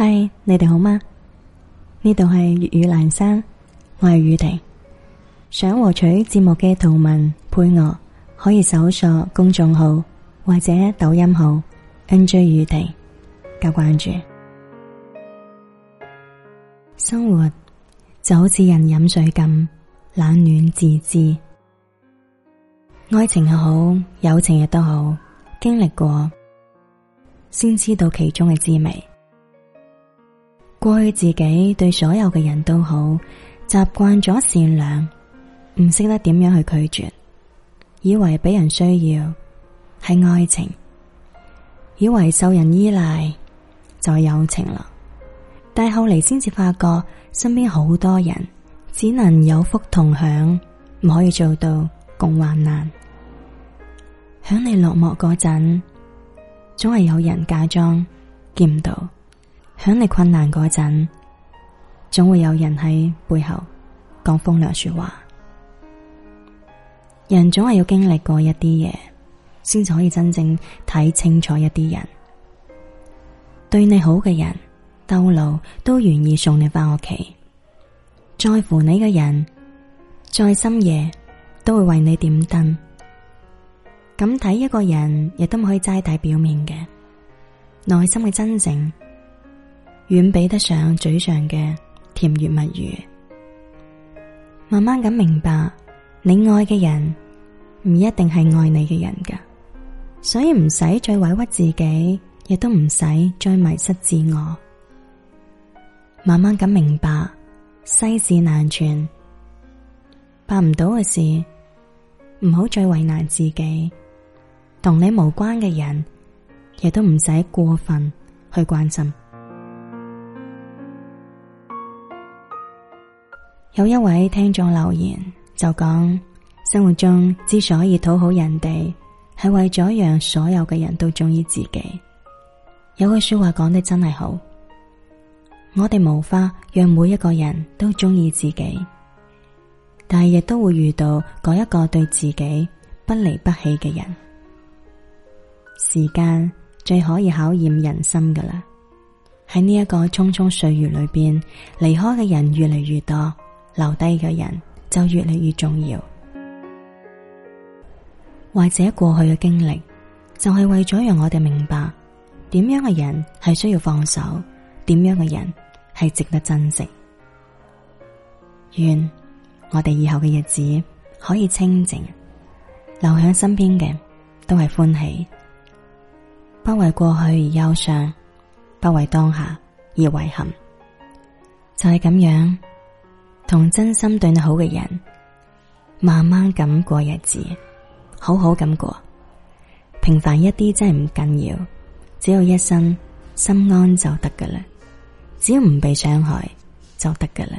嗨，Hi, 你哋好嗎？呢度係粵語闌珊，我係雨婷。想獲取節目嘅圖文配樂，可以搜索公眾號或者抖音號 NJ 雨婷加關注。生活就好似人飲水咁，冷暖自知。愛情又好，友情亦都好，經歷過先知道其中嘅滋味。過去自己對所有嘅人都好，習慣咗善良，唔識得點樣去拒絕，以為俾人需要係愛情，以為受人依賴就係友情啦。但係後嚟先至發覺，身邊好多人只能有福同享，唔可以做到共患難。響你落寞嗰陣，總係有人假裝見唔到。響你困難嗰陣，總會有人喺背後講風涼說話。人總係要經歷過一啲嘢，先至可以真正睇清楚一啲人。對你好嘅人，兜路都願意送你翻屋企；在乎你嘅人，再深夜都會為你點燈。咁睇一個人，亦都唔可以齋睇表面嘅，內心嘅真正。遠比得上嘴上嘅甜言蜜語。慢慢咁明白，你愛嘅人唔一定係愛你嘅人噶，所以唔使再委屈自己，亦都唔使再迷失自我。慢慢咁明白，世事難全，辦唔到嘅事唔好再為難自己，同你無關嘅人亦都唔使過分去關心。有一位聽眾留言就講，生活中之所以討好人哋，係為咗讓所有嘅人都中意自己。有句說話講得真係好，我哋無法讓每一個人都中意自己，但係亦都會遇到嗰一個對自己不離不棄嘅人。時間最可以考驗人心噶啦，喺呢一個匆匆歲月裏邊，離開嘅人越嚟越多。留低嘅人就越嚟越重要，或者過去嘅經歷就係為咗讓我哋明白，點樣嘅人係需要放手，點樣嘅人係值得珍惜。願我哋以後嘅日子可以清靜，留喺身邊嘅都係歡喜，不為過去而憂傷，不為當下而遺憾，就係、是、咁樣。同真心對你好嘅人，慢慢咁過日子，好好咁過，平凡一啲真係唔緊要，只要一生心安就得噶啦，只要唔被傷害就得噶啦。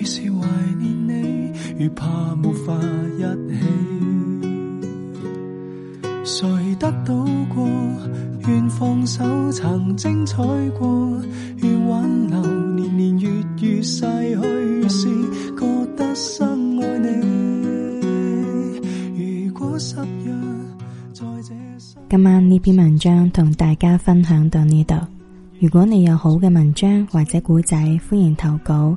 越是懷念你，你。越怕無法一起。誰得到過願放手曾精彩過願挽留年年月月逝去越是。覺得深愛你如果失約在這生。今晚呢篇文章同大家分享到呢度。如果你有好嘅文章或者古仔，歡迎投稿。